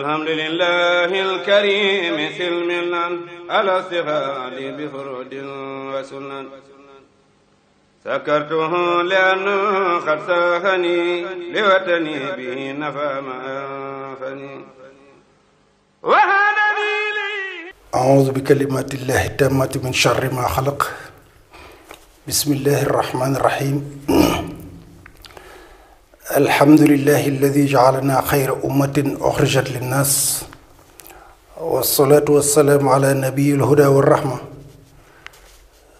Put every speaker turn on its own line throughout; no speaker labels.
الحمد لله الكريم سلمنا على استفاد بفرد وسنن سكرته لأنه قد ساخني لوطني به نفى ما أنفني وهدني لي أعوذ بكلمات الله التامة من شر ما خلق بسم الله الرحمن الرحيم alhamdulillahi alladi jaalana xayra ummatin oxrijat linnaas wasalaatu wasalaamu ala nabiyi lhuda warrahma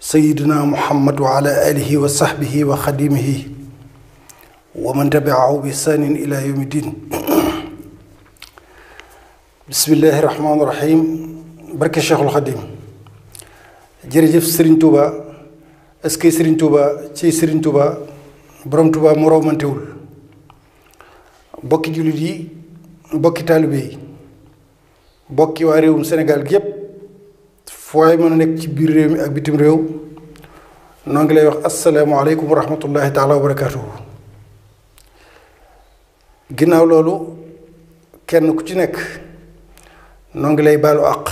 sayidina muhammad wa ala alihi wa saxbihi wa xadimihi wa man tabiahu bi ihsanin ila yawmi din bismillahi rahmaani rahim barke cheikhul xadim jërëjëf sëriñ tuuba est-ce que sëriñ tuuba ci sëriñ tuuba borom tuuba moroomantewul bokki jullit yi bokki taalibe yi bokki waa réewum Sénégal gi yépp fooy mën a nekk ci biir réew mi ak bitim réew noo ngi lay wax asalaamaaleykum wa rahmatullahi taala wa barakaatuhu ginnaaw loolu kenn ku ci nekk noo ngi lay baalu àq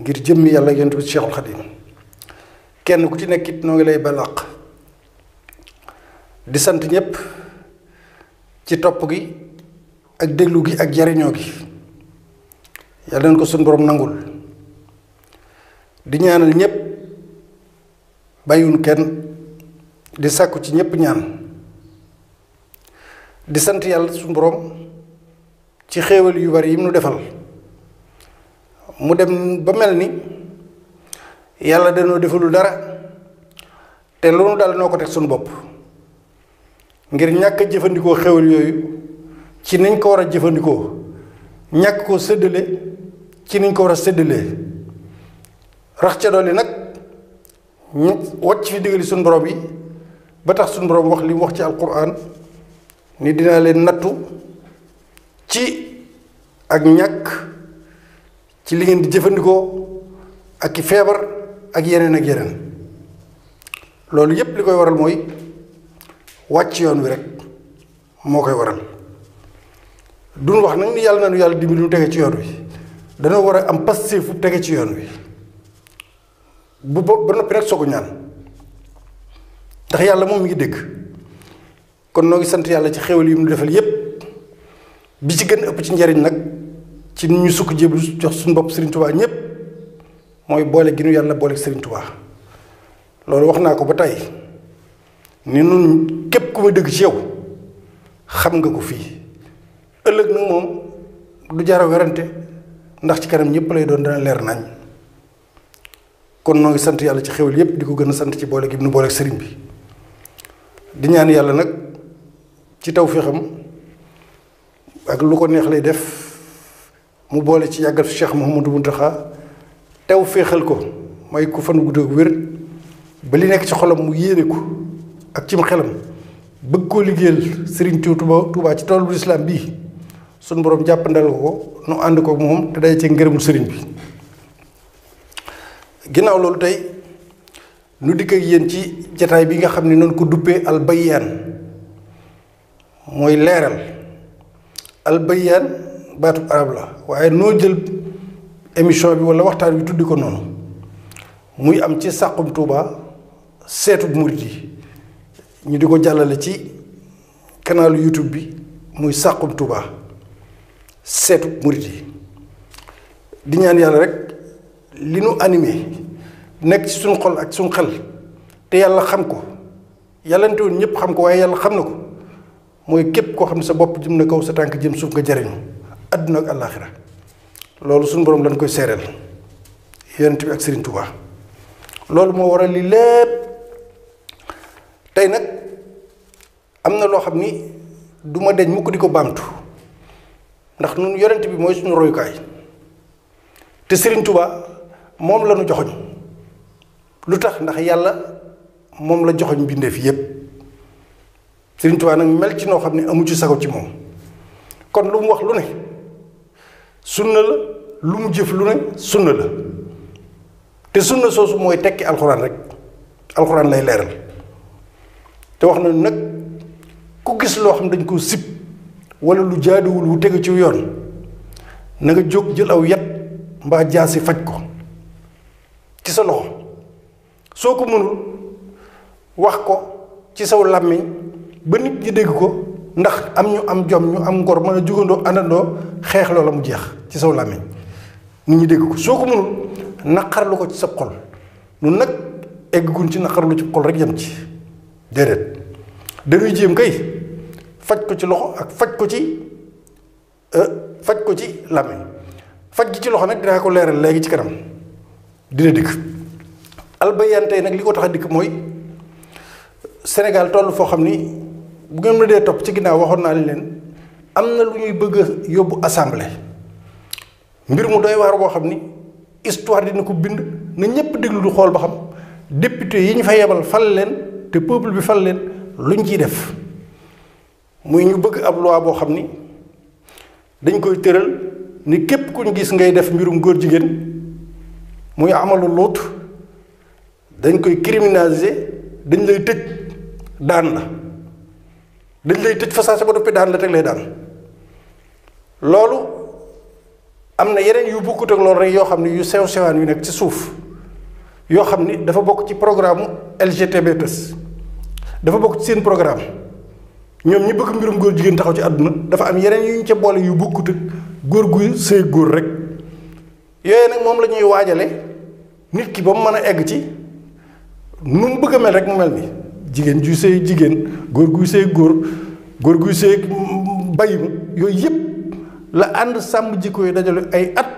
ngir jëmm yàlla yonent bi Cheikhul Khadim kenn ku ci nekk it noo ngi lay baalu àq di sant ñépp ci topp gi ak déglu gi ak jariñoo gi yàlla nañ ko suñ borom nangul di ñaanal ñépp bàyyiwun kenn di sàkku ci ñépp ñaan di sant yàlla suñ borom ci xéewal yu bari yi mu defal mu dem ba mel ni yàlla danoo defalul dara te lu nu dal noo ko teg suñu bopp ngir ñàkk jëfandikoo xewal yooyu ci nañ ko war a jëfandikoo ñàkk koo séddale ci niñ ko war a séddalee rax ca dolli nag ñu wàcc fi digali suñu borom yi ba tax suñu borom wax li mu wax ci alquran ni dinaa leen nattu ci ak ñàkk ci li ngeen di jëfandikoo ak i feebar ak yeneen ak yeneen loolu yépp li koy waral mooy wàcc yoon wi rek moo koy waral duñ wax nag ni yàlla na nu yàlla dimbali nu tege ci yoon wi dana war a am passif fu tege ci yoon wi bu bo ba noppi rek soogu ñaan ndax yàlla moom mi ngi dégg kon noo ngi sant yàlla ci xéwal yi mu defal yépp bi ci gën a ëpp ci njariñ nag ci ñu sukk jéblu jox suñu bopp Serigne Touba ñépp mooy boole gi nu yàlla boole Serigne Touba loolu wax naa ko ba tey ni noonu képp ku ma dëgg ci yow xam nga ko fii ëllëg nag moom du jara werante ndax ci kanam ñëpp lay doon dana leer nañ kon noo ngi sant yàlla ci xewal yépp di ko gën a sant ci boole gi nu boole sëriñ bi di ñaan yàlla nag ci tawféexam ak lu ko neex lay def mu boole ci yàggal fi Cheikh Mouhamadou Mountakha tawféexal ko may ko fan gudd ak wér ba li nekk ci xolam mu yéene ko ak cim xelam bëgg koo liggéeyal sëriñ Touba Touba ci bu islam bii sunu borom jàppandal ko nu ànd ko moom te day ci ngërëmul Serigne bi. ginnaaw loolu tey nu dikk ak yéen ci jataay bi nga xam ne noonu ko duppee albayaan mooy leeral albayaan baatu arab la waaye noo jël émission bi wala waxtaan wi tuddi ko noonu muy am ci Saxum tuuba seetu murit yi ñu di ko jàllale ci kanalu youtube bi muy sàqum Touba seetu murit yi di ñaan yàlla rek li nu animé nekk ci suñu xol ak suñu xel te yàlla xam ko yàllante woon ñëpp xam ko waaye yàlla xam na ko mooy képp koo xam ne sa bopp jëm na kow sa tànk jëm suuf nga jariñu àdduna ak àllaaxira loolu suñu borom lañ koy seereel yonent bi ak Serigne Touba loolu moo waral lii lépp tey nag am na loo xam ni du ma deñ mukk di ko baamtu ndax nun yonent bi mooy suñu royukaay te Sëriñ Tuba moom la ñu joxoñ lu tax ndax yàlla moom la joxoñ bindeef yépp Sëriñ Tuba nag mel ci noo xam ne amu ci sago ci moom kon lu mu wax lu ne sunna la lu mu jëf lu ne sunna la te sunna soosu mooy tekki alxuraan rek alxuraan lay leeral te wax na nag ku gis loo xam dañ koo sib wala lu jaaduwul wu tegu ci yoon nanga jóg jël aw yat mbaa jaasi faj ko ci sa loxo soo ko mënul wax ko ci saw làmmiñ ba nit ñi dégg ko ndax am ñu am jom ñu am ngor mën a jógandoo àndandoo xeex loola mu jeex ci saw làmmiñ nit ñi dégg ko soo ko mënul naqarlu ko ci sa xol lu nag egguñ ci naqarlu ci xol rek yam ci déedéet dañuy jéem kay faj ko ci loxo ak faj ko ci euh, faj ko ci làmmiñ faj gi ci loxo nag dinaa ko leeral léegi ci kanam dina dikk albayaan tey nag li ko tax dikk mooy Sénégal toll foo xam ni bu ngeen ma dee topp ci ginnaaw waxoon naa leen am na lu ñuy bëgg a yóbbu assemblée mbir mu doy waar boo xam ni histoire dina ko bind na ñëpp déglu du xool ba xam député yi ñu fa yebal fal leen te peuple bi fal leen lu luñ ciy def. muy ñu bëgg ab loi boo xam ni dañ koy tëral ni képp ku gis ngay def mbirum góor jigéen muy amalu luut dañ koy criminaliser dañ lay tëj daan la dañ lay tëj fasaase ba noppi daan la teg lay daan loolu am na yeneen yu bokkut loolu rek yoo xam ne yu sew sewaan yu nekk ci suuf yoo xam ni dafa bokk ci programme LGTB+ dafa bokk ci seen programme ñoom ñi bëgg mbirum góor jigéen taxaw ci àdduna dafa am yeneen yu ñu ca boole yu bokkut ak góor gu sëy góor rek yooyu nag moom la waajale nit ki ba mu mën a egg ci nu bëgg a mel rek mu mel jigéen ju sëy jigéen góor guy sëy góor góor guy sëy bayim yooyu yëpp la ànd sàmm jikko yi dajale ay at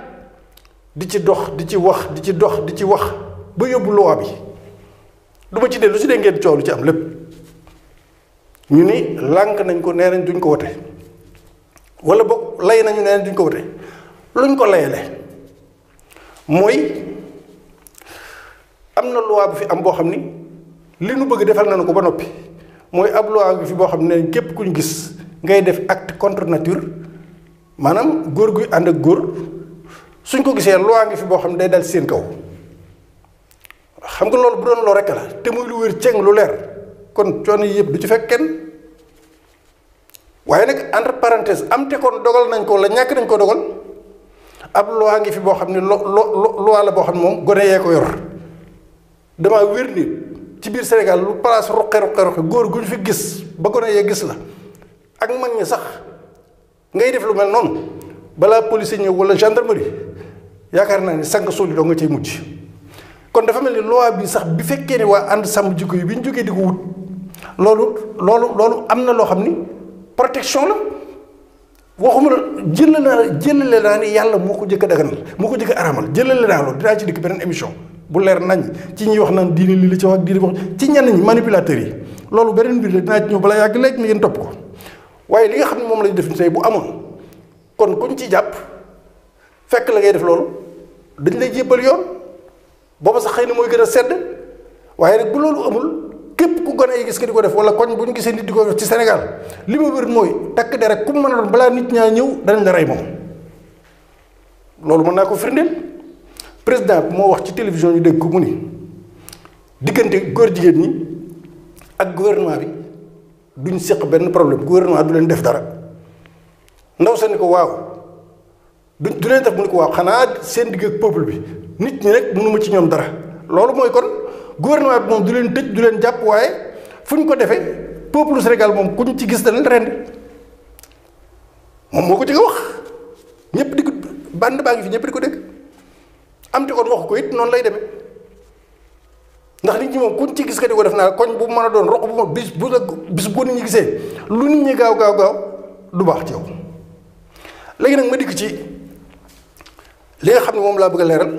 di ci dox di ci wax di ci dox di ci wax ba yóbbu loi bi du ma ci dellu si dee ngeen coow lu ci am lépp ñu ni lànk nañ ko nee nañ duñ ko wote wala boog lay nañu nee nañ duñ ko wote luñ ko layale mooy am na loi bu fi am boo xam ni li nu bëgg defal nañu ko ba noppi mooy ab loi bi fi boo xam ne képp ku ñu gis ngay def acte contre nature maanaam góor guy ànd ak góor suñ ko gisee loi ngi fi boo xam ne day dal seen kaw xam nga loolu bu doon loo rekk la te muy lu wér ceng lu leer. kon coono yëpp du ci fekk kenn waaye nag entre parenthèse am te kon dogal nañ ko la ñàkk nañ ko dogal ab loi ngi fi boo xam ne lo boo xam ne moom gone yee ko yor dama wér ci biir Sénégal lu place ruqe ruqe ruqe góor gu ñu fi gis ba gone yee gis la ak mag ñi sax ngay def lu mel noonu balaa police ñëw wala gendarmerie yaakaar naa ni sànq suul doo nga cay mujj kon dafa mel ni loi bi sax bi fekkee ne waa ànd sàmm jikko yi bi ñu jógee di ko wut. loolu loolu loolu am na loo xam ni protection la waxuma la jëlal naa jëlale naa ni yàlla moo ko jëkk a daganal moo ko jëkk a aramal jëlale naa loolu dinaa ci dikk beneen émission bu leer nañ ci ñuy wax naan diine lii li ci ci ñenn ñi yi loolu beneen mbir la dinaa ci ñëw bala yàgg léegi ngeen topp ko waaye li nga xam ne moom lañu def tey bu amoon kon kuñ ci jàpp fekk la ngay def loolu dañ lay jébbal yoon booba sax xëy na mooy gën a sedd waaye nag bu loolu amul. képp ku gone yi gis nga di ko def wala koñ bu ñu gisee nit di ko def ci Sénégal li ma wér mooy takk der rek ku mu mën a doon balaa nit ñaa ñëw dañ la rey moom loolu mën naa ko firndeel président moo wax ci télévision ñu dégg ko mu ni diggante góor jigéen ñi ak gouvernement bi duñ séq benn problème gouvernement du leen def dara ndaw sa ko waaw du du def mu ko waaw xanaa seen digg ak bi nit ñi rek mënuma ci ñoom dara loolu mooy kon. gouvernement bi moom du leen tëj du leen jàpp waaye fu ñu ko defee peuple Sénégal moom ku ñu ci gis dana ren moom moo ko ci wax ñëpp di ko bànd baa ngi fi ñëpp di ko dégg am te kon wax ko it noonu lay deme ndax nit ñi moom kuñ ci gis ka di ko def naa koñ bu mën a doon roq bu ma bis bu la bis bu nit ñi gisee lu nit ñi gaaw gaaw gaaw du baax ci yow léegi nag ma dikk ci li nga xam ne moom laa bëgg a leeral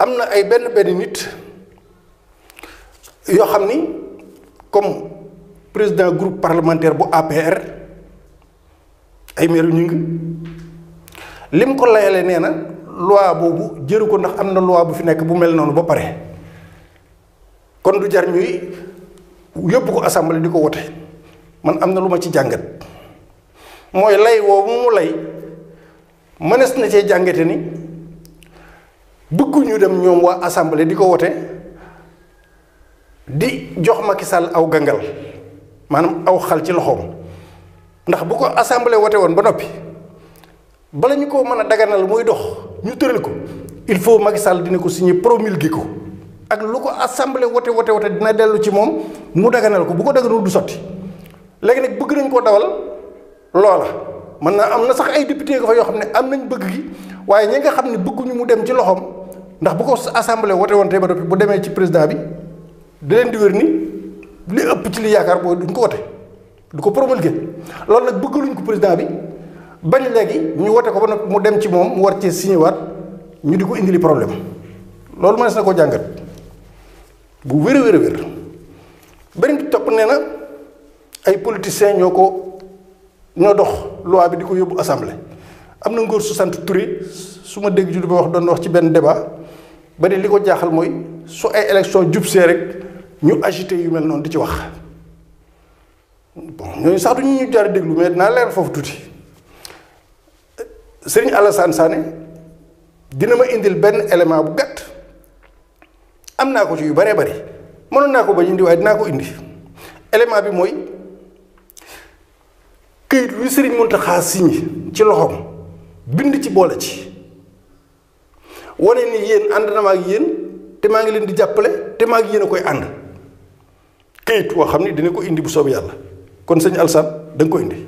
am na ay benn benn nit. yoo xam ni comme président groupe parlementaire bu APR ay maire ñu ngi lim ko layale nee na loi boobu jëru ko ndax am na loi bu fi nekk bu mel noonu ba pare kon du jar ñuy yóbbu ko assemblée di ko wote man am na lu ma ci jàngat mooy lay woowu mu lay mënees na cee jàngate ni bëgguñu dem ñoom waa assemblée di ko wote di jox Macky aw gangal maanaam aw xal ci loxoom ndax bu ko assemblée wote woon ba noppi bala ñu ko mën a daganal muy dox ñu tëral ko il faut Macky Sall dina ko signé promulgué ko ak lu ko assemblée wote wote wote dina dellu ci moom mu daganal ko bu ko daganul du sotti léegi nag bëgg nañ koo dawal loola man na am na sax ay député nga fa yoo xam ne am nañ bëgg gi waaye ñi nga xam ne bëgguñu mu dem ci loxoom ndax bu ko assemblée wote woon tey ba noppi demee ci président bi. di di wér ni li ëpp ci li yaakaar booy duñ ko wote du ko promulgué loolu nag bëggaluñ ko président bi bañ léegi ñu wote ko ba nag mu dem ci moom mu war ci signé waat ñu di ko indili problème loolu mënees na ko jàngat bu wér wér a wér beneen bi topp nee na ay politiciens ñoo ko ñoo dox loi bi di ko yóbbu assemblée am na ngóor su sant Touré su ma dégg ju du wax doon wax ci benn débat ba li ko jaaxal mooy su ay élection jub see rek ñu agité yu mel noonu di ci wax bon ñooñu sax du ñu jaar déglu mais dinaa leer foofu tuuti sëriñ Alassane Sané dina ma indil benn élément bu gàtt am naa ko ci yu baree bari mënoon naa ko ba indi waaye dinaa ko indi élément bi mooy këyit wi sëriñ Mountakha signé ci loxoom bind ci boole ci wane ni yéen ànd na ma ak yéen te maa ngi leen di jàppale te maa ngi yéen a koy ànd. këyit woo xam ne dina ko indi bu soob yàlla kon sëñ Alsaan da nga ko indi.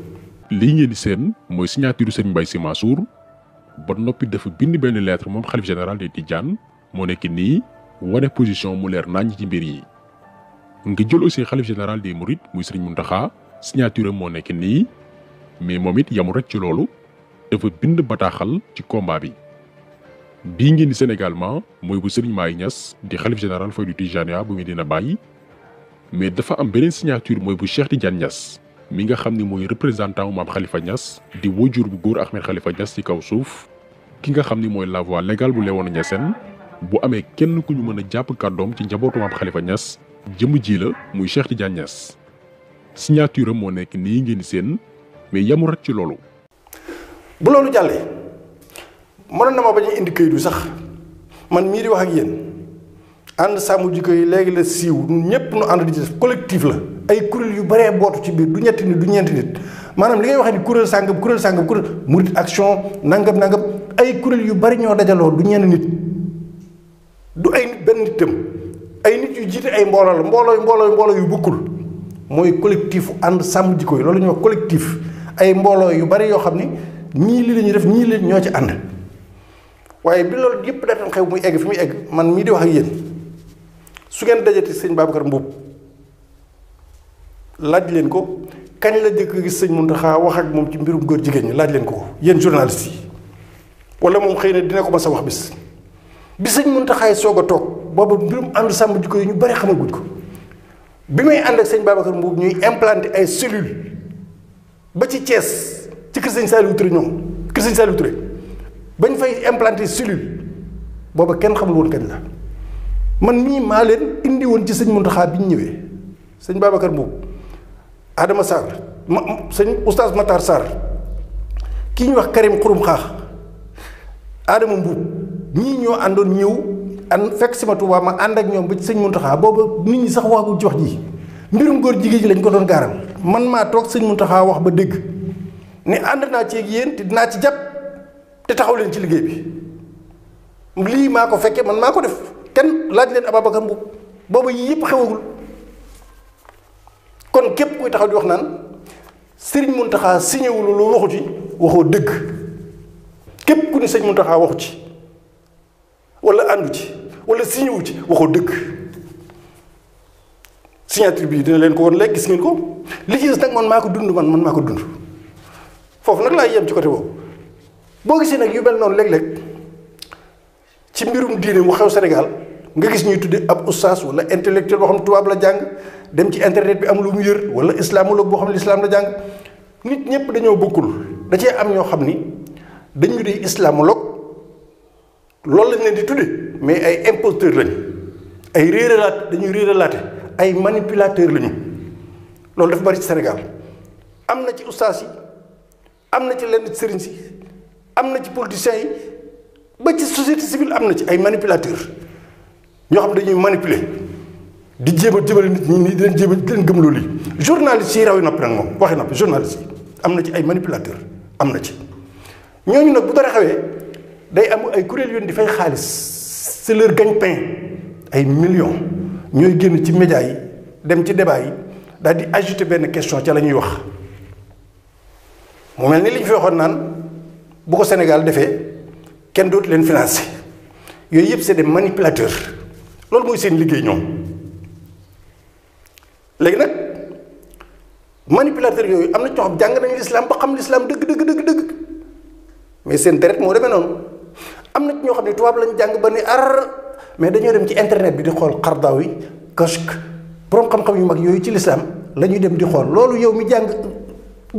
lii ngeen di seen mooy signature sëñ Mbaye Sy Mansour ba noppi dafa bind benn lettre moom xalif général des Tidianes moo nekk nii wane position mu leer naññ ci mbir yi. nga jël aussi xalif général des Mourides muy sëriñ Mountakha signature moo nekk nii mais moom it yamul rek ci loolu dafa bind bataaxal ci combat bi. bii ngeen di seen également mooy bu sëriñ Maay Ñas di xalif général Faydu Tijaaniya bu Medina Baye. mais dafa am beneen signature mooy bu Cheikh Tidiane Niass mi nga xam ni mooy représentant maam Khalifa Niass di wajur bu góor Ahmed xalifa Niass ci kaw suuf ki nga xam ni mooy la voix légale bu Léona Niassène bu amee kenn ku ñu mën a jàpp kàddoom ci njabootu maam Khalifa jëm ji la muy seex di Niass signature am moo nekk nii ngeen seen mais yamul rek ci loolu. bu loolu jàllee mënoon na ma bañ a indi këyit sax man mii di wax ak yéen. ànd sàmm jikko yi léegi la siiw ñëpp nu ànd di ci def collectif la ay kuréel yu baree bootu ci biir du ñetti nit du ñeenti nit maanaam li ngay waxee ni kuréel sàngam kuréel sàngam kuréel murit action nangam nangam ay kuréel yu bari ñoo dajaloo du ñenn nit du ay nit benn nit ay nit yu jiite ay mbooloo la mbooloo mbooloo mbooloo yu bukkul mooy collectif ànd sàmm jikko yi loolu ñoo collectif ay mbooloo yu bari yoo xam ni ñii li lañuy def ñii li ñoo ci ànd waaye bi loolu yëpp dafa xew muy egg fi muy egg man mii di wax ak yéen. su ngeen dajati sëñ Babacar Mbuub laaj leen ko kañ la jëkk gis sëñ Muntaxa wax ak moom ci mbirum góor jigéen ñi laaj leen ko ko yéen journaliste yi wala moom xëy ne dina ko ba a wax bis bi sëñ Muntaxaay soog a toog booba mbirum ànd sàmm jikko yi ñu bari xamaguñ ko bi may ànd ak sëñ Babacar Mbuub ñuy implanté ay cellules ba ci Thiès ci kër sëñ Saliou Touré ñoom kër sëñ Saliou Touré bañ fay implanté cellule booba kenn xamul woon man mii maa leen indi woon ci sëñ Muntaxa bi ñu ñëwee sëñ Babacar Mbow Adama Sarr ma sëñ oustaz Matar Sarr ki ñu wax Karim Xurum Xaax Adama Mbuub ñii ñoo àndoon ñëw an fekk si ma Tuubaa ma ànd ak ñoom ba ci sëñ Muntaxa booba nit ñi sax waxagul ci wax ji mbirum góor jigéen ji lañ ko doon gaaram man maa toog sëñ Muntaxa wax ba dégg ne ànd naa ci ak yéen te dinaa ci jàpp te taxaw leen ci liggéey bi lii maa ko fekkee man maa ko def. kenn laaj leen Ababacar Mbub booba yii yëpp xewagul kon képp kuy taxaw di wax naan Sëriñ Muntaxa siñewul lu waxu ci waxoo dëgg képp ku ni Sëriñ Muntaxa waxu ci walla àndu ci wala siñewu ci waxoo dëgg signature bi dina leen ko woon léegi gis ngeen ko li ci des nag man maa ko dund man man maa ko dund foofu nag laay yem ci côté boobu boo gisee nag yu mel noonu léeg-léeg ci mbirum diine mu xew Sénégal nga gis ñuy tudde ab oustaz wala intellectuel boo xam ne tubaab la jàng dem ci internet bi am lu mu yër wala islamologue boo xam ne lislaam la jàng nit ñëpp dañoo bokkul da cee am ñoo xam ni dañu di islamologue loolu lañ leen di tudde mais ay imposteur lañu ay réeralaat dañuy réeralaate ay manipulateur lañu loolu dafa bari ci Sénégal am na ci oustaz yi am na ci lenn sëriñ si am na ci politiciens yi ba ci société civile am na ci ay manipulateurs ñoo xam dañuy manipuler di jéem a jëmale nit ñi nii di leen jéem a gëm leen gëmloo lii journaliste yi raw noppi nag moom waxi noppi journaliste yi am na ci ay manipulateurs am na ci ñooñu nag bu dara xawee day am ay kuréel yoon di fay xaalis c'est leur gagne ay millions ñooy génn ci médias yi dem ci débat yi daal di ajouter benn question ca la ñuy wax mu mel ni li ñu fi waxoon naan bu ko Sénégal defee. kenn dootu leen financé yooyu yëpp c'est des manipulateurs loolu mooy seen liggéey ñoom léegi nag manipulateurs yooyu am na ñoo xam jàng nañu lislaam ba xam lislaam dëgg dëgg dëgg dëgg mais seen deret moo demee noonu am na ci ñoo xam ne tubaab lañu jàng ba ni ar mais dañoo dem ci internet bi di xool xardaaw yi kashk borom xam-xam yu mag yooyu ci lislaam la ñuy dem di xool loolu yow mi jàng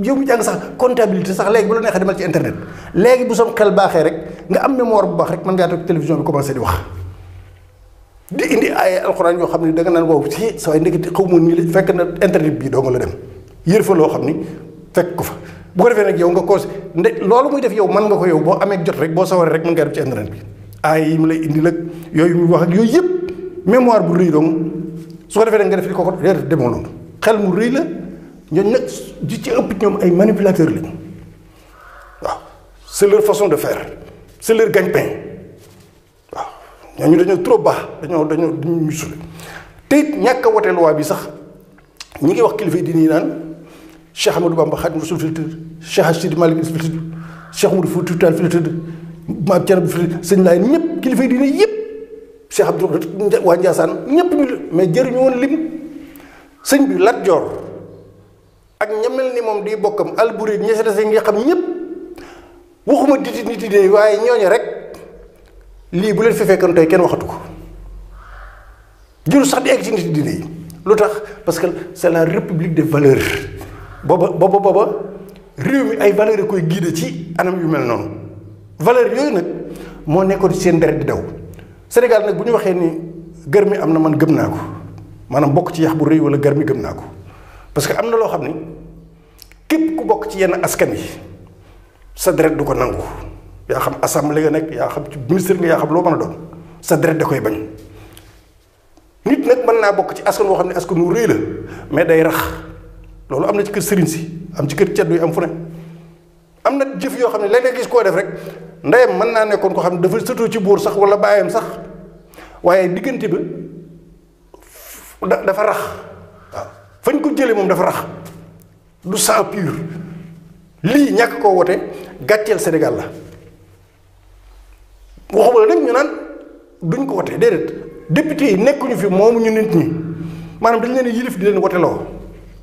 jéem jàng sax comptabilité sax léegi bu la neexee demal ci internet léegi bu sam xel baaxee rek nga am mémoire bu baax rek mën ngaa toog télévision bi commencé di wax di indi ay alxuraan yoo xam ne da nga naan wow si sa waay ndekete xaw ma nii la fekk na internet bii doo nga la dem yër fa loo xam ni fekk ko fa bu ko defee nag yow nga cause nde loolu muy def yow man nga ko yow boo amee jot rek boo sawaree rek mën ngaa dem ci internet bi ay yi mu indi nag yooyu muy wax yooyu yëpp mémoire bu rëy dong su defee nga def di ko ko demoo noonu xel mu rëy la ñooñu nag di ci ëpp ñoom ay manipulateurs lañu waaw c'est leur façon de faire c'est leur gagne-pain waaw ñooñu dañoo trop dañoo dañoo dañu ñu sule ñàkk a wote bi sax ñi ngi wax kilifa yi di naan Cheikh Amadou Bamba Xaadimu Rasuul fi la tëdd Cheikh Sidi Malick fi la tëdd Cheikh Laay ñëpp kilifa yi diine yëpp Cheikh Abdou waa Ndiassane ñëpp ñu mais jëriñu woon lim sëñ bi Lat Joor ak ñamel ni moom di bokkam alburi ña si des nga xam ñëpp waxuma diti niti de waaye ñooñu rek lii bu leen fi fekkoon tey kenn waxatu ko jëru sax di egg ci nit diine yi lu tax parce que c'est la république de valeur booba booba booba réew mi ay valeur yi koy guider ci anam yu mel noonu valeur yooyu nag moo nekkoon ci seen deret di daw Sénégal nag bu ñu waxee ni gër mi am na man gëm naa ko maanaam bokk ci yax bu rëy wala gër mi gëm naa ko parce que am na loo xam ni képp ku bokk ci yenn askan yi sa deret du ko nangu yaa xam assemblée nga nekk yaa xam ci ministre nga yaa xam loo mën a doon sa koy bañ nit nag mën naa bokk ci askan woo xam ne askan wu rëy la mais day rax loolu am na ci kër sëriñ si am ci kër ceddu yi am fu ne am na jëf yoo xam ne léeg-léeg gis koo def rek ndeyam mën naa nekkoon koo xam ne dafa sëtoo ci buur sax wala bàyyam sax waaye diggante bi dafa rax fañ ko jëlee moom dafa rax du sang pur lii ñàkk koo wote gàcceel Sénégal la waxuma la nag ñu naan duñ ko wote déedéet député yi nekkuñu fi ñu nit ñi maanaam dañ leen a di leen woteloo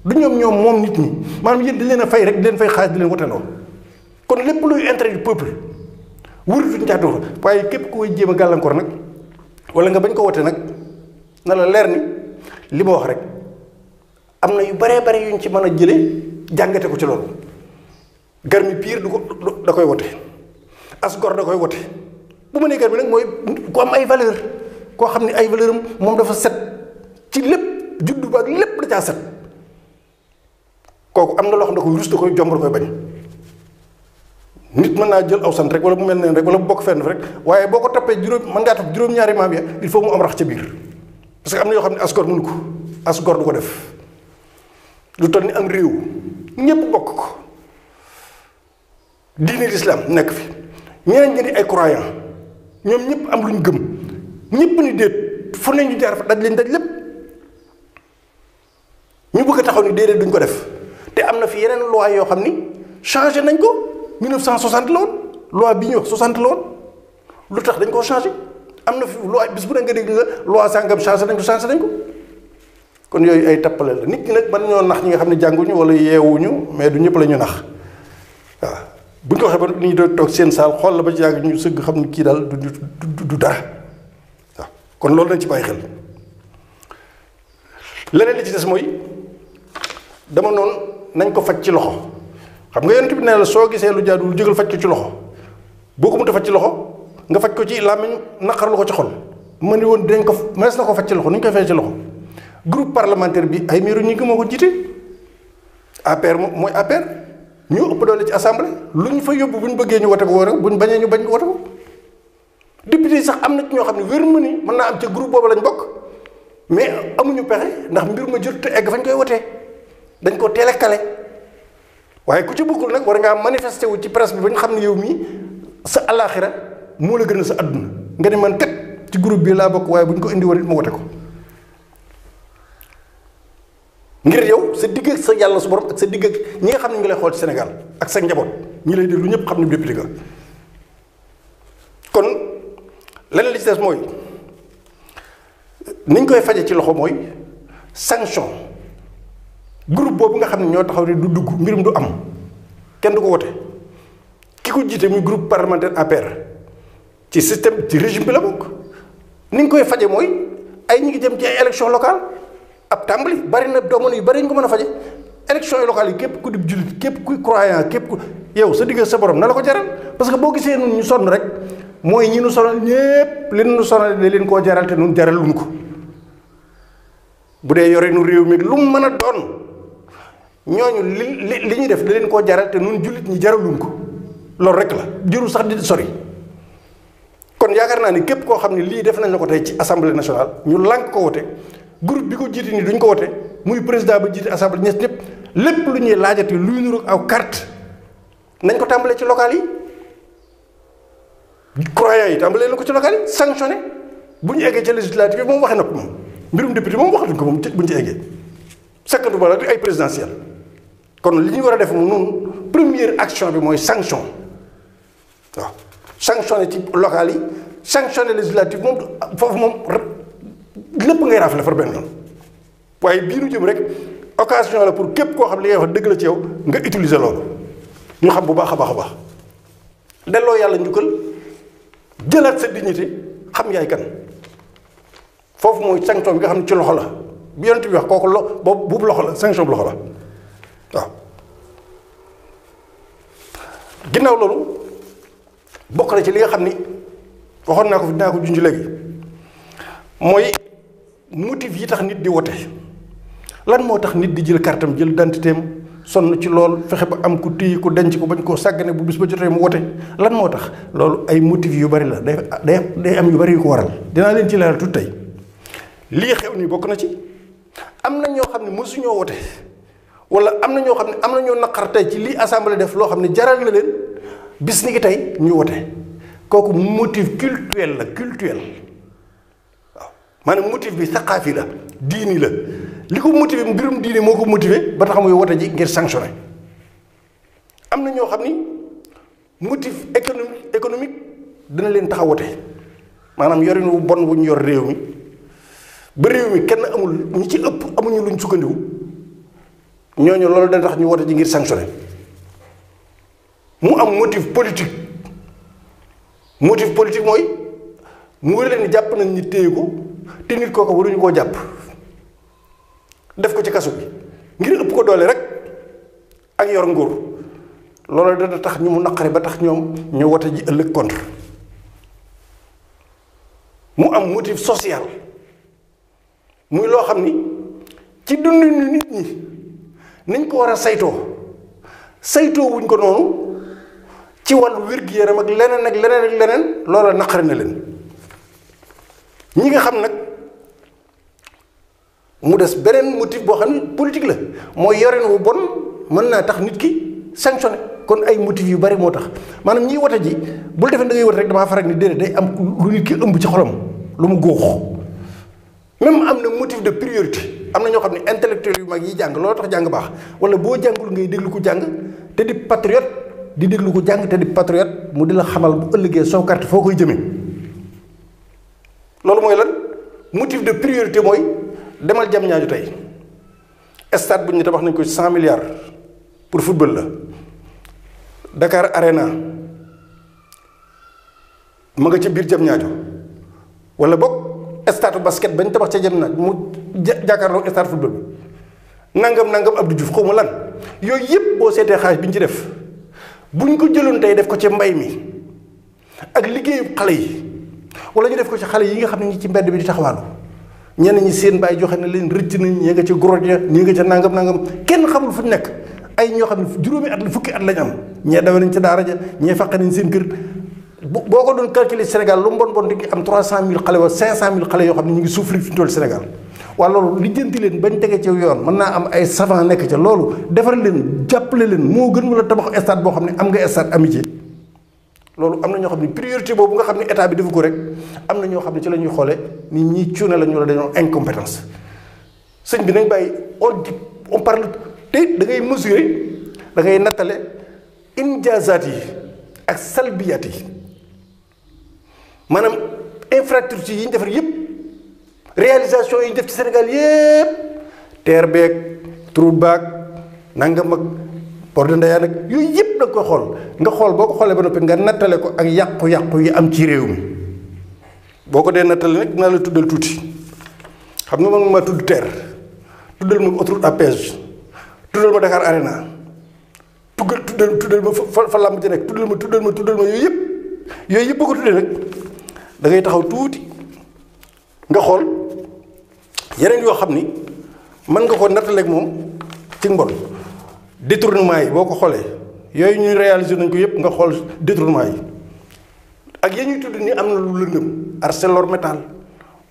du ñoom ñoom moom nit ñi maanaam yéen dañ leen a fay rek di leen fay xaalis di leen woteloo kon lépp luy intérêt du peuple wuri duñ caa waaye képp ku koy jéem gàllankoor nag wala nga bañ ko wote nag na la leer ni li ma wax rek. am na yu baree bari yuñ ci mën a jële jàngate ko ci loolu garmi piir du ko da koy wote as da koy wote bu ma nee garmi nag mooy ku am ay valeur koo xam ne ay valeur am moom dafa set ci lépp juddu ba ak lépp da caa set kooku am na loo xam ne da koy rus bañ nit mën naa jël aw sant rek wala bu mel neen rek wala bokk fenn rek waaye boo ko toppee juróom mën ngaa topp juróom-ñaari maam ya il faut am rax ca biir que am na yoo xam ne as gor ko as du ko def lu toll ni am réew ñëpp bokk ko diine lislaam nekk fi ñeneen ñi ay croyant ñoom ñëpp am lu ñu gëm ñëpp ni déet fu ñu jaar fa daj leen daj lépp ñu bëgg a taxaw ni déedéet duñ ko def te am na fi yeneen loi yoo xam ni changé nañ ko 1960 la woon loi bi ñu wax 60 lu tax dañ koo changé am na fi loi bis bu ne nga dégg nga loi sàngam changé nañ ko changé nañ ko. kon yooyu ay tappale la nit ñi nag man ñoo nax ñi nga xam ne jànguñu wala yeewuñu mais du ñëpp la ñu nax waaw bu ñu ko waxee ba nit ñi doon toog seen saal xool la ba ci ñu sëgg xam ne kii daal du du du dara waaw kon loolu dañ ci bàyyi xel leneen li ci des mooy dama noonu nañ ko faj ci loxo xam nga yonent bi nee la soo gisee lu jaadul jógal faj ko ci loxo boo ko mënta faj ci loxo nga faj ko ci làmmiñ naqarlu ko ci xol man ni woon dinañ ko mees na ko faj ci loxo koy fajee ci loxo. groupe parlementaire bi ay miiru ñi ngi moo ko jiite APR mooy APR ñu ëpp doole ci assemblée lu ñu fa yóbbu bu ñu bëggee ñu wote ko bu ñu bañee ñu bañ ko wote ko député sax am na ñoo xam ne wér ma ni mën naa am ci groupe boobu lañ bokk mais amuñu pexe ndax mbir ma jot te egg fañ koy wotee dañ ko teel a kale waaye ku ci bokkul nag war ngaa manifester wu ci presse bi ba ñu xam ne yow mii sa alaaxira moo la gën a sa adduna nga ne man kat ci groupe bi laa bokk waaye bu ñu ko indi woon it ma ko. ngir yow sa digg ak sa yàlla su borom ak sa digg ak ñi nga xam ne ñu ngi lay xool ci Sénégal ak sa njaboot ñi lay déglu ñëpp xam ne député nga kon leneen li mooy ni koy faje ci loxo mooy sanction groupe boobu nga xam ne ñoo taxaw ne du dugg mbirum du am kenn du ko wote ki ko jiite muy groupe parlementaire APR ci système ci régime bi la bokk ni ñu koy faje mooy ay ñi ngi jëm ci ay élection locale ab tàmbali bari na doomu yi bari ñu ko mën a faje élection yi locales yi képp ku di jullit képp kuy croyant képp ku yow sa digg sa borom na la ko jaral parce que boo gisee ñun ñu sonn rek mooy ñi nu sonal ñépp li nu sonal da leen koo jaral te ñun jaraluñ ko bu dee yore nu réew mi lu mu mën a doon ñooñu li li ñuy def da leen koo jaral te ñun jullit ñi jaraluñ ko loolu rek la jëru sax di sori kon yaakaar naa ne képp koo xam ne lii def nañ la ko tey ci assemblée nationale ñu lànk ko wote groupe bi ko jiite nii duñ ko wote muy président ba jiite assemblée ñes ñëpp lépp lu ñuy laajate luy niroog aw carte nañ ko tàmbalee ci local yi croyant yi tàmbalee na ko ci local yi sanctionné bu ñu eggee ci législative moom waxee na ko moom mbirum député moom waxatuñ ko moom bu ñu ci eggee seconde ba la ay présidentiel kon li ñu war a def moom noonu première action bi mooy sanction waaw sanctionné ci local yi sanctionné législative moom foofu moom lépp ngay raafale far benn yoon waaye bii nu jëm rek occasion la pour képp koo xam li ngay wax dëgg la ci yow nga utiliser loolu ñu xam bu baax a baax a baax delloo yàlla njukkal jëlaat sa dignité xam yaay kan foofu mooy sanction bi nga xam ne ci loxo la bi yonent bi wax kooku lo boobu buubu loxo la sanction bu loxo la waaw ginnaaw loolu bokk na ci li nga xam ni waxoon naa ko fi dinaa ko junj léegi mooy motif yi tax nit di wote lan moo tax nit di jël kartam jël dantitéem sonn ci lool fexe ba am ku téye ku denc ko bañ koo sàggane bu bis ba jotee mu wote lan moo tax loolu ay motif yu bari la de day day am yu bari yu ko waral dinaa leen ci leeral tuuti tey lii xew nii bokk na ci am na ñoo xam ne mësuñoo wote wala am na ñoo xam ne am na ñoo naqar tey ci lii assemblée def loo xam ne jaral la leen bis ni ki tey ñuy wote kooku motif culturel la culturel maanaam motif bi saqaafi la diini la li ko motivé mbirum diini moo ko motivé ba tax muy wote ji ngir sanctionné am na ñoo xam ni motif économique économique dana leen tax wote maanaam yorin bon wu ñu yor réew mi ba réew mi kenn amul ñi ci ëpp amuñu luñ sukkandiku ñooñu loolu dana tax ñu wote ji ngir sanctionné mu am motif politique motif politique mooy mu wër leen jàpp nañ ñu téye ko. te kooku waruñu koo jàpp def ko ci kasu bi ngir ëpp ko doole rek ak yor nguur loolu dana tax ñu mu naqari ba tax ñoom ñu wote ji ëllëg contre mu am motif social muy loo xam ni ci dundinu nit ñi niñ ko war a saytoo saytoo wuñ ko noonu ci wàllu wér-gu-yaram ak leneen ak leneen ak leneen loola naqari na leen ñi nga xam nag mu des beneen motif boo xam ne politique la mooy yoreen wu bon mën naa tax nit ki sanctionné kon ay motif yu bari moo tax maanaam ñiy wote ji bul defee da ngay wote rek damaa faral ni déedéet day am lu nit ki ëmb ci xolom lu mu góox même am na motif de priorité am na ñoo xam ne intellectuel yu mag yi jàng looloo tax jàng baax wala boo jàngul ngay déglu ko jàng te di patriote di déglu ku jàng te di patriote mu di la xamal bu ëllëgee soo foo koy jëmee. loolu mooy lan motif de priorité mooy demal jam ñaaju tey stade bu ñu tabax nañ ko cent milliards pour football la Dakar Arena mu nga ci biir jam ñaaju wala bokk stade basket bañ tabax ca jam ñaaj mu jàkkaarloo stade football bi nangam nangam Abdou Diouf xaw ma lan yooyu yëpp boo seetee xaalis bi ñu ci def bu ñu ko jëloon tey def ko ci mbay mi ak liggéeyu xale yi. wala ñu def ko ci xale yi nga xam ne ñi ci mbedd bi di taxawaalu ñenn ñi seen bàyyi joxe ne leen rëcc nañ ñi nga ca goroj ya ñi nga ca nangam nangam kenn xamul fu ñu nekk ay ñoo xam ne juróomi at la fukki at lañ am ñee dawe nañ ca daara ja ñee fàq nañ seen kër boo ko doon calculer Sénégal lu mbon bon di am trois cent mille xale wala cinq cent mille yoo xam ne ñu ngi souffrir fi ñu toll Sénégal wala loolu lijjanti leen bañ tegee ci yoon mën naa am ay savant nekk ca loolu defar leen jàppale leen moo gën wala tabax stade boo xam ne am nga stade amitié loolu am na ñoo xam ne priorité boobu nga xam ne état bi defu ko rek am na ñoo xam ne ci la ñuy xoolee ni ñii cuune lañu ñu la dañoo incompétence sëñ bi nañ bàyyi on dit on parle te da ngay mesurer da ngay nattale injaazaat yi ak salbiyaat yi maanaam infrastructure yi ñu defar yëpp réalisation yi ñu def ci Sénégal yëpp terre beeg trou baag nangam ak pour de Ndayane nag yooyu yëpp da nga xool nga xool boo ko xoolee ba noppi nga nattale ko ak yàqu-yàqu yi am ci réew mi boo ko dee nattale nag naa la tuddal tuuti xam nga man ma tudd terre tuddal ma autoroute à péage tuddal ma Dakar Arena tuggal tuddal tuddal ma fa fa làmb ci nekk tuddal ma tuddal ma tuddal ma yooyu yëpp yooyu yëpp boo ko tuddee nag dangay taxaw tuuti nga xool yeneen yoo xam ni mën nga ko nattaleeg moom ci mbon détournement yi boo ko xoolee yooyu ñuy réaliser nañ ko yëpp nga xool détournement yi ak ya ñuy tudd ni am na lu lëndëm ArcelorMittal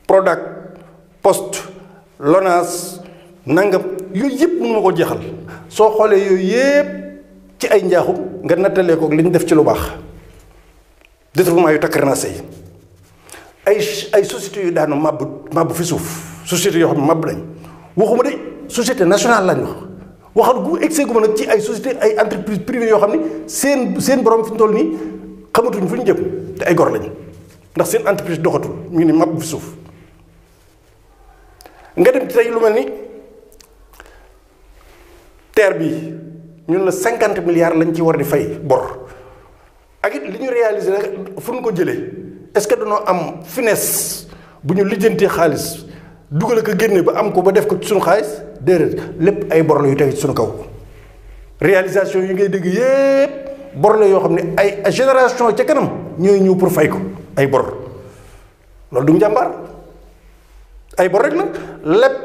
Prodac post Lonas nangam yooyu yëpp nu ma ko jeexal soo xoolee yooyu yëpp ci ay njaaxum nga nattalee ko li ñu def ci lu baax détournement yu takk renacé yi ay ay sociétés yu daanu màbb màbbu fi suuf société yoo xam ne màbb nañ waxuma de société nationale lañ waxat gu excès gu ma nag ci ay société ay entreprise privée yoo xam ne seen seen borom fi ñu toll nii xamatuñ fu ñu jëm te ay gor lañ ndax seen entreprise doxatul ñu ni màbb fi suuf nga dem ci tey lu mel ni terre bi ñun la cinquante milliards lañ ci war di fay bor ak it li ñu réaliser nag fu ñu ko jëlee est-ce que dañoo am finesse bu ñu lijjantee xaalis dugal ak génne ba am ko ba def ko ci suñu xaalis déedéet lépp ay bor yu teg ci suñu kaw réalisation yi ngay dégg yépp bor yoo xam ne ay génération ca kanam ñooy ñëw pour fay ko ay bor loolu du mu jàmbaar ay bor rek la lépp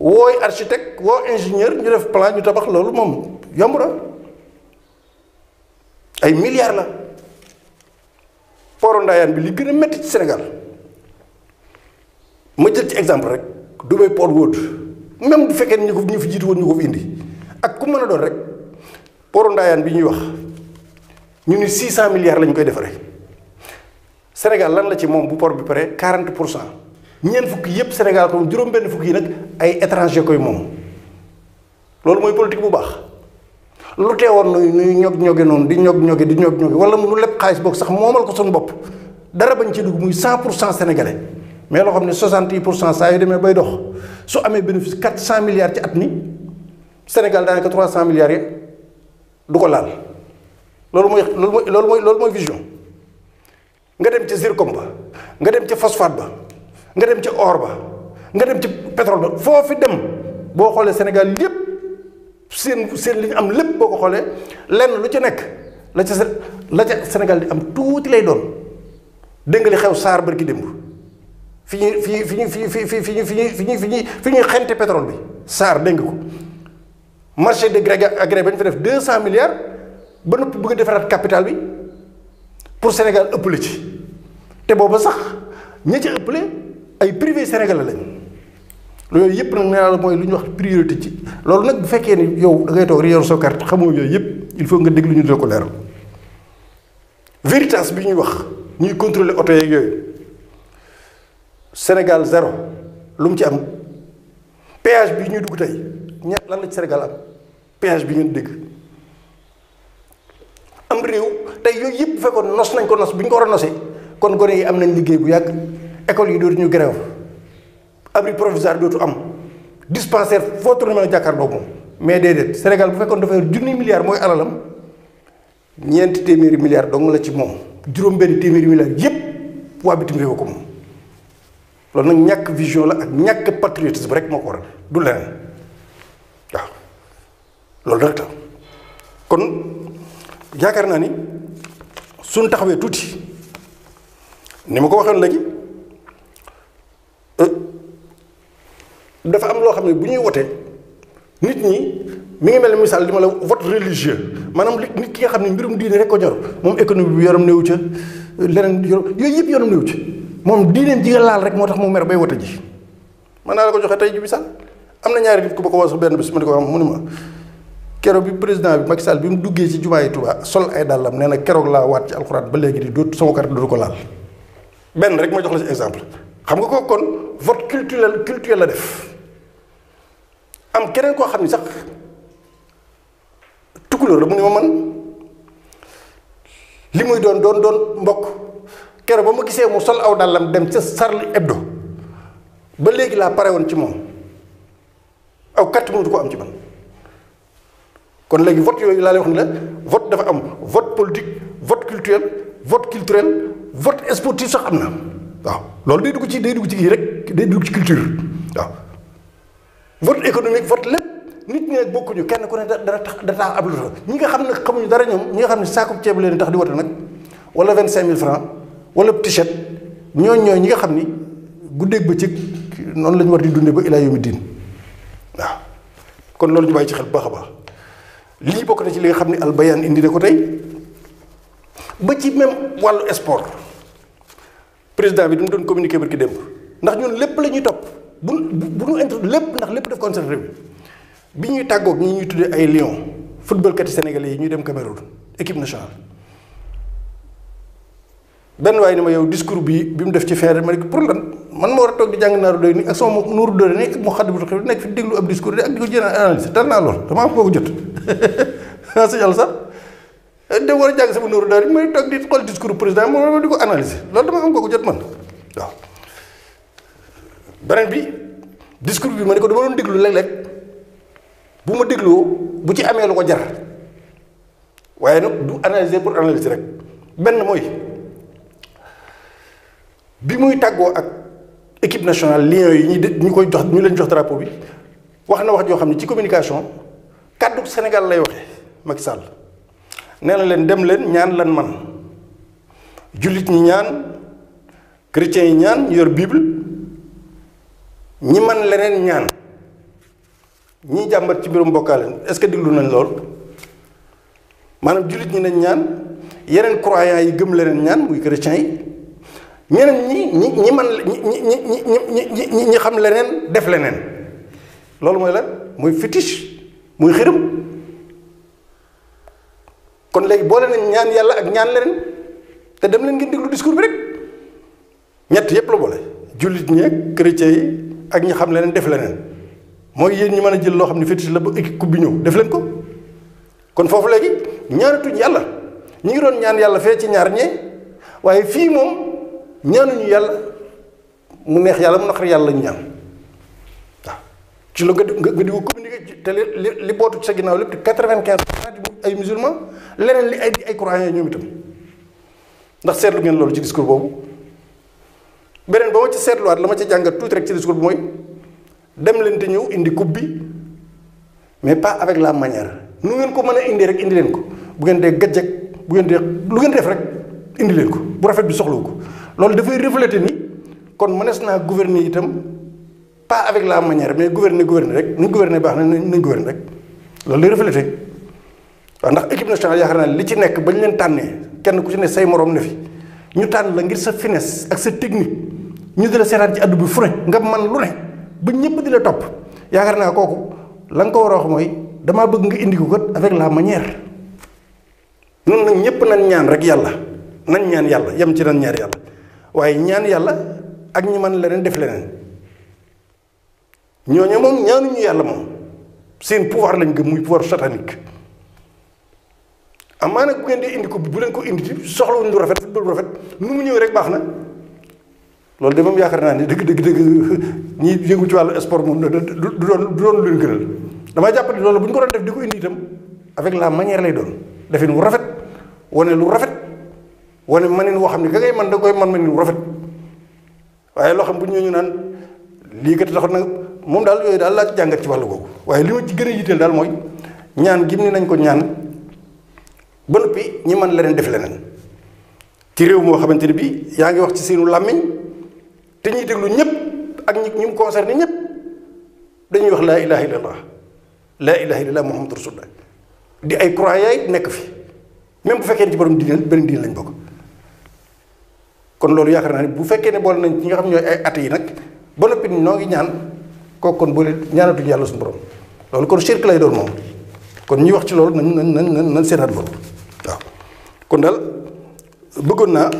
wooy architecte woo ingénieur ñu def plan ñu tabax loolu moom yomb na ay milliards la poro Ndaayaan bi li gën a métti ci Sénégal ma jël ci exemple rek Dubai poor World même bu fekkee ñu ko ñu fi jiitu woon ñu ko fi indi ak ku mën a doon rek poro Ndayane bi ñuy wax ñu ni 600 milliards lañu koy defaree Sénégal lan la ci moom bu port bi pare quarante pour cent ñeent fukki yëpp Sénégal ko juróom-benn fukki nag ay étranger koy moom loolu mooy politique bu baax lu teewoon nuy nuy ñog-ñoge noonu di ñog-ñoge di ñog-ñoge wala mu lépp xaalis boog sax moomal ko suñu bopp dara bañ ci dugg muy 100 pour cent sénégalais. mais loo xam ne 68 pour cent saa yu demee bay dox su amee bénéfice 400 milliards ci at mi Sénégal daanaka 300 milliards yi du ko laal loolu mooy loolu mooy loolu mooy loolu mooy vision nga dem ci zircon ba nga dem ci phosphate ba nga dem ci oor ba nga dem ci pétrole ba foo fi dem boo xoolee Sénégal lépp seen seen li ñu am lépp boo ko xoolee lenn lu ci nekk la ca la ca Sénégal di am tuuti lay doon dégg nga li xew Saar bërki démb. fi ñuy fi fi ñu fi fi fi fi ñu fi ñu fi ñu fi ñuy xente pétrole bi saar dégg ko marché de gré à gré ba ñu fa def deux cent milliards ba noppi bëgg a defaraat capital bi pour Sénégal ëpp ëppale ci te booba sax ña ca ëppale ay privé sénégalais lañ loolu yëpp nag nee la mooy lu ñu wax priorité ci loolu nag bu fekkee ni yow da ngay toog yor sa carte xamoo yooyu yëpp il faut nga déglu ñu dina ko leeral véritas bi ñuy wax ñuy contrôler oto yeeg yooyu. Sénégal zéro lu mu ci am péage bi ñuy dugg tey ñett lan la ci Sénégal am péage bi ngeen dégg am réew tey yooyu yëpp bu fekkoon nos nañ ko nos bi ñu ko war a nosee kon gone yi am nañ liggéey bu yàgg école yi dootuñu grève abri provisoire dootu am dispensaire foo tourné mën moom mais déedéet Sénégal bu fekkoon dafa junni milliards mooy alalam ñeenti téeméeri milliards dong la ci moom juróom-benn téeméeri milliards yëpp waa bitim réew ko moom. loolu nag ñàkk vision la ak ñàkk patriotisme rek moo ko waral du leneen waaw loolu rek la kon yaakaar naa ni suñ taxawee tuuti ni ma ko waxoon léegi euh, dafa am loo xam ne bu ñuy wotee nit ñi mi ngi mel ni misaal di ma la vote religieux maanaam li nit ki nga xam ne mbirum diine rek ko ñor moom économie bi yoram néew ca leneen yooyu yëpp yoram néew ca moom diineem ji nga laal rek moo tax mu mer bay wata ji man naa la ko joxe tey ji bisal am na ñaari nit ku ma ko wax benn bis ma di ko am mu ni ma keroog bi président bi Macky Sall bi mu duggee ci jumaa yi Tuubaa sol ay dàllam nee na keroog laa waat ci alxuraan ba léegi di dootu sama carte dootu ko laal benn rek ma jox la ci exemple xam nga koo kon vote culturel culturel la def am keneen koo xam ni sax tukulóor la mu ni ma man li muy doon doon doon mbokk keroog ba mu gisee mu sol aw dàllam dem ca Charlie Hebdo ba léegi laa pare woon ci moom aw quatre minutes koo am ci man kon léegi vote yooyu laa lay wax ni la vote dafa am vote politique vote culturel vote culturel vote sportif sax am na waaw loolu day dugg ci day dugg ci kii rek day dugg ci culture waaw vote économique vote lépp nit ñi nag bokkuñu kenn ku ne dana tax dana ab lu ñi nga xam ne xamuñu dara ñoom ñi nga xam ne saakub ceeb leen tax di wote nag wala vingt-cinq mille francs wala t-shirt ñooñ ñooy ñi nga xam ni ba ci noonu la war di dundee ba ilaa yawmi diin waaw kon loolu ñu bàyyi ci xel bu a baax lii bokk na ci li nga xam ni albayaan indi na ko tey ba ci même wàllu sport président bi du doon communiqué barki démb ndax ñun lépp la ñuy topp bu bu ñu inter lépp ndax lépp def concentré bi bi ñuy tàggoog ñu ñuy tuddee ay Lions football kati sénégalais yi ñuy dem Cameroun équipe nationale. benn waaye ni ma yow discours bi bi mu def ci feer ma ne pour lan man ma war a toog di jàng naaru doy ni ak sama nuuru doy ni ak mu xaddibutu xew nekk fi déglu ab discours di ak di ko jënd analyse dal naa lool dama am koo ko jot sax eh, dem war a jàng sama nuuru doy ni may toog di xool discours président moom ko analyse loolu dama am ko jot man waaw bi discours bi ma ni ko dama doon déglu léeg-léeg bu ma dégloo bu ci amee lu ko jar waaye nag du analyser pour analyser rek benn mooy bi muy tàggoo ak équipe nationale lions yi de ñu koy jox ñu leen jox drapeau bi wax na wax joo xam ne ci communication kàddu Sénégal lay waxe Macky sàll nee na leen dem leen ñaan lan man jullit ñi ñaan chrétiens yi ñaan yor bible ñi man leneen ñaan ñii jàmbat ci mbirum bokkaale est-ce que diglu nañ lool maanaam jullit ñi nañ ñaan yeneen croyants yi gëm leneen ñaan muy chrétiens yi ñeneen ñi ñi ñi man ñi ñi ñi ñi ñi xam leneen def leneen loolu mooy la mooy fétiche muy xirim kon léegi boole nañ ñaan yàlla ak ñaan leneen te dem leen ngeen déglu discours bi rek ñett yépp la boole jullit ñeeg chrétien yi ak ñi xam leneen def leneen mooy yéen ñi mën a jël loo xam ne fétiche la ba équipe coupe ñëw def leen ko kon foofu léegi ñaanatuñ yàlla ñi ngi doon ñaan yàlla fee ci ñaar ñee waaye fii moom. ñu yàlla mu neex yàlla mu naqar yàlla lañu ñaan waaw ci la nga di nga di ko communiquer te li li bootu ci sa ginnaaw lépp te quatre-vingt-quinze pour cent ay musulman leneen li ay ay croyants ñoom itam ndax seetlu ngeen loolu ci discours boobu beneen ba ma ci seetluwaat la ma ci jàngat tuuti rek ci discours bi mooy dem leen te ñëw indi coupe bi mais pas avec la manière nu ngeen ko mën a indi rek indi leen ko bu ngeen dee gajjeg bu ngeen dee lu ngeen def rek indi leen ko bu rafet bi soxlawu ko. loolu dafay refléter ni kon mënees naa gouverner itam pas avec la manière mais gouverner gouverner rek nu gouverner baax na nañ gouverner rek loolu lay refléter waaw ndax na nationale yaakaar naa li ci nekk ba ñu leen tànnee kenn ku ci ne say moroom ne fi ñu tànn la ngir sa finesse ak sa technique ñu di la seetaan ci addu bi fu ne nga man lu ne ba ñëpp di la topp yaakaar naa kooku la ko war a wax mooy damaa bëgg nga indi ko kat avec la manière noonu nag ñëpp nañ ñaan rek yàlla nañ ñaan yàlla yem ci nañ ñaan yàlla waaye ñaan yàlla ak ñu man leneen def leneen ñooñu moom ñaanuñu yàlla moom seen pouvoir lañ gëm muy pouvoir satanique amaa nag bu ngeen di indi ko bu leen ko indi ci soxlawuñ lu rafet lu rafet nu mu ñëwee rek baax na loolu de moom yaakaar naa ni dëgg dëgg dëgg ñi yëngu ci wàllu sport moom du doon du doon lu leen gënal damay jàpp loolu bu ñu ko doon def di ko indi itam avec la manière lay doon defin wu rafet wane lu rafet. wane manin woo xam ne ka ngay man da koy man manin rafet waaye loo xam bu ñu ñu naan lii kat tax na moom daal yooyu daal laa ci jàngat ci wàllu googu waaye li ma ci gën a yitteel daal mooy ñaan gim ni nañ ko ñaan ba noppi ñi man leneen def leneen ci réew moo xamante ne bii yaa ngi wax ci seenu làmmiñ te ñuy déglu ñëpp ak ñi ñu mu concerné ñëpp dañuy wax laa ilaha illallah laa ilaha illallah muhammadu rasulullah di ay croyants yi nekk fi même bu fekkee ci borom diine benn diine lañ bokk kon loolu yaakaar naa ni bu fekkee ne boole nañ ci ñi nga xam ñooy ay at yi nag ba noppi noo ngi ñaan kooku kon boole ñaanatuñu yàlla suñu borom loolu kon shirk lay doon moom kon ñuy wax ci lool nañ nañ nañ nañ seenaat loolu waaw kon dal bëggoon naa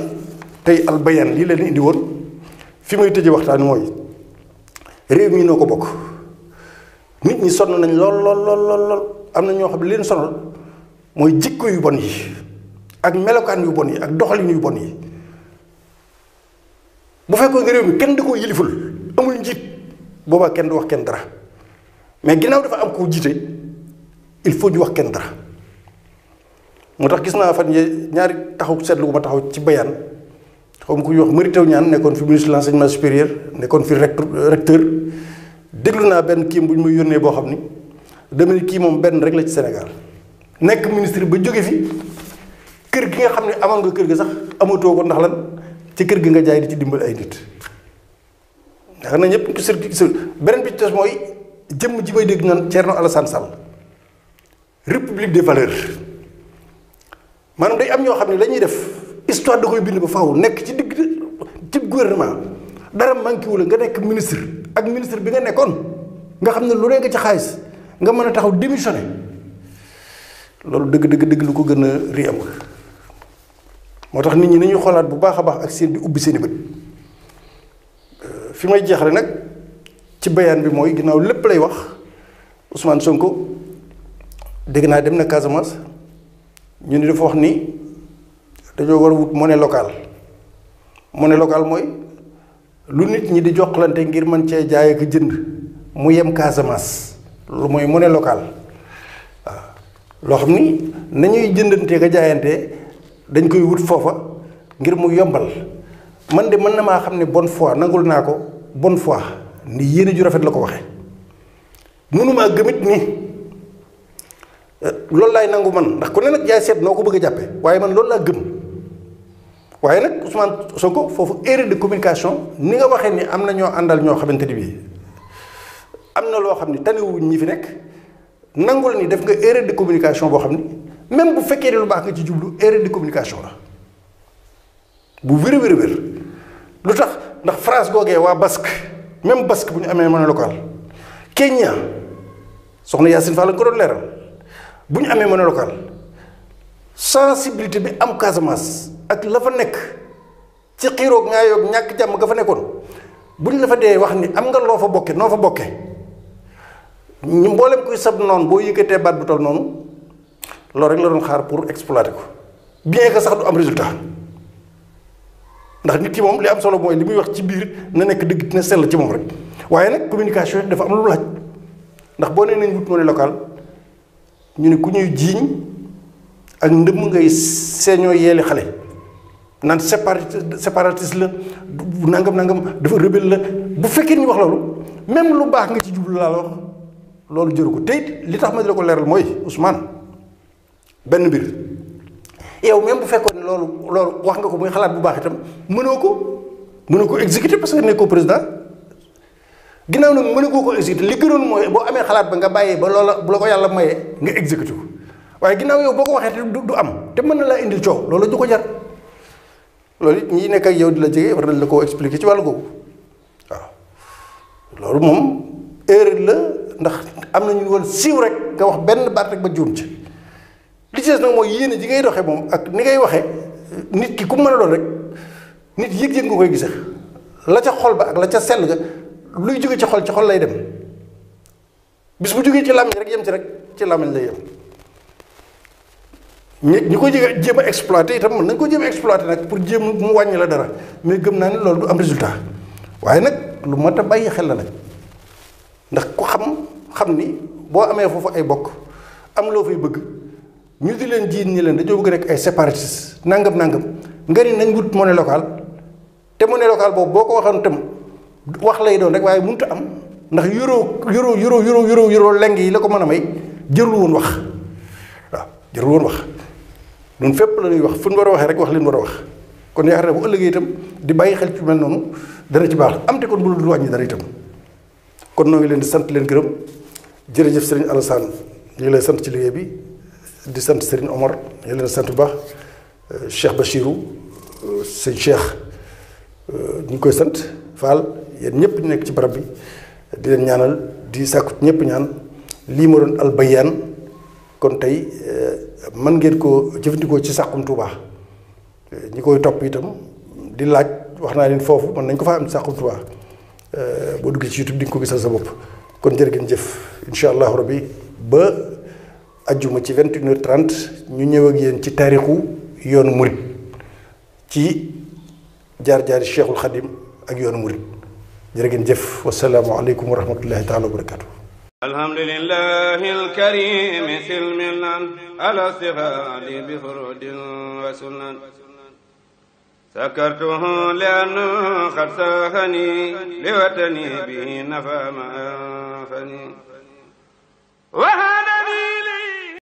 tey albayan lii leen indi woon fi may tëjee waxtaan mooy réew mi noo ko bokk nit ñi sonn nañ lool lool lool am na ñoo xam leen sonal mooy jikko yu bon yi ak melokaan yu bon yi ak doxalin yu bon yi bu fekkoon réew mi kenn da koo yiliful amul njiit boobaa kenn du wax kenn dara mais ginnaaw dafa am koo jiite il faut ñu wax kenn dara moo tax gis naa fan yee ñaari taxaw seetlu bu taxaw ci bayaan xaw ku ñuy wax Mary Teuw nekkoon fi ministre de l'enseignement supérieur nekkoon fi recteur déglu naa benn kii bu ñu muy yónnee boo xam ni dama ni kii moom benn rek la ci Sénégal nekk ministre ba jóge fi kër gi nga xam ne amoon nga kër gi sax amatoo ko ndax lan. ci kër gi nga jaay di ci dimbal ay nit ndax na ñëpp sur sur beneen bi ci des mooy jëmm ji may dégg naan Thierno Alassane Sall république de valeurs maanaam day am ñoo xam ne dañuy def histoire da koy bind ba faaw nekk ci digg ci gouvernement dara manqué wu la nga nekk ministre ak ministre bi nga nekkoon nga xam ne lu ne nga ci xaalis nga mën a taxaw démissionné loolu dëgg dëgg dëgg lu ko gën a ri am moo tax nit ñi nañuy xoolaat bu baax a baax ak seen di ubbi seen i euh, fi may jeexle nag ci bayaan bi mooy ginnaaw lépp lay wax Ousmane Sonko dégg naa dem na Casamance ñu ni dafa wax ni dañoo war a wut monnaie locale monnaie locale mooy lu nit ñi di jokkalante ngir man cee jaay ak jënd mu yem Casamance lu mooy monnaie locale loo xam ni nañuy jëndante ak jaayante. dañ koy wut foofa ngir mu yombal man de mën na maa xam ne bon fois nangul naa ko bonne foi ni yéene ju rafet la ko waxe mënumaa gëmit nii euh, loolu laay nangu man ndax ku ne nag jaay seet noo ko bëgg a jàppe waaye man loolu laa gëm waaye nag Ousmane Sonko foofu erreur de communication ni nga waxee ni am na ñoo àndal ñoo xamante ni bii am na loo xam ne taniwuñ ñi fi nekk nangul ni def nga erreur de communication boo xam ne même bu fekkee ne lu baax nga ci jublu erreur de communication la bu wér wér wér lu tax ndax France googee waa basque même basque bu ñu amee monnaie lokal Kenya soxna Yacine Fall la ko doon leeral bu ñu amee monnaie locale sensibilité bi am Casamance ak la fa nekk ci xiiroog ngaa yoog ñàkk jàmm nga fa nekkoon buñ la fa dee wax ni am nga loo fa bokke noo fa bokke ñu mboolem kuy sab noon boo yëkkatee baat bu toll noonu loolu rek la doon xaar pour exploiter ko bien que sax du am résultat ndax nit ki moom li am solo mooy li muy wax ci biir na nekk dëgg dina sell ci moom rek waaye nag communication dafa am lu laaj ndax boo nee nañ wut monnaie locale ñu ne ku ñuy jiiñ ak ndëmm ngay seeñoo yeeli xale naan séparate la la nangam nangam dafa rebelle la bu fekkee ñu wax loolu même lu baax nga ci jublu laa la wax loolu jëru ko tey li tax ma di la ko leeral mooy Ousmane. benn mbir yow même bu fekkoon ne loolu loolu wax nga ko muy xalaat bu baax itam mënoo ko mënoo ko exécuter parce que nekkoo président ginnaaw nag mënoo koo ko exécuter li gënoon mooy boo amee xalaat ba nga bàyyee ba loola bu la ko yàlla mayee nga exécuter ko waaye ginnaaw yow boo ko waxee te du am te mën na laa indil coow loolu du ko jar loolu it ñi nekk ak yow di la jege war nañ la koo expliquer ci wàllu googu waaw loolu moom erreur la ndax am nañu woon siiw rek nga wax benn baat rek ba juum ci. li ci des nag mooy yéene ji ngay doxee moom ak ni ngay waxee nit ki ku mën a doon rek nit yëg-yëg nga koy gise la ca xol ba ak la ca sell ga luy jóge ci xol ci xol lay dem bis bu jógee ci làmmiñ rek yem ci rek ci làmmiñ lay yem ñi ñu ko jé jéem a exploité itam mën nañ ko jéem a exploité nag pour jéem mu wàññi la dara mais gëm naa ne loolu du am résultat waaye nag lu mat a bàyyi xel na nag ndax ku xam xam ni boo amee foofu ay bokk am loo fay bëgg ñu di leen jiin ñi leen dañoo bëgg nekk ay séparatistes nangam nangam nga ni nañ wut monnaie locale te monnaie locale boobu boo ko waxoon itam wax lay doon rek waaye mënut am ndax euro euro euro euro euro euro leng yi la ko mën a may jërul woon wax waaw jërul woon wax noonu fépp la ñuy wax fu ñu war a waxee rek wax leen war a wax kon yaakaar naa bu ëllëgee itam di bàyyi xel ci mel noonu dana ci baax am te kon bu dul wàññi dara itam kon noo ngi leen di sant leen gërëm jërëjëf Serigne Alassane ñu ngi lay sant ci liggéey bi. di sant Serigne Omar yàlla sant bu baax euh, Cheikh Bachirou euh, sëñ Cheikh euh, ñu koy sant Fall yéen ñëpp ñu nekk ci barab bi di leen ñaanal di sàkku ñëpp ñaan lii ma doon albayaan kon tey man ngeen ko jëfandikoo ci Saxum Touba ñi koy topp itam di laaj wax naa ne foofu mën nañ ko fa am ci Saxum boo duggee ci YouTube di nga ko gisal sa bopp kon jërë ngeen jëf incha allahu rabbi ba. ajjuma ci vingt une ñu ñëw ak yéen ci taarixu yoonu murit ci jaar-jaari cheikhul xadim ak yoonu murit jërë ngeen jëf wasalaamu aleykum bi furudin wa sunan سكرته لأنه قد ساهني لوطني به نفى ما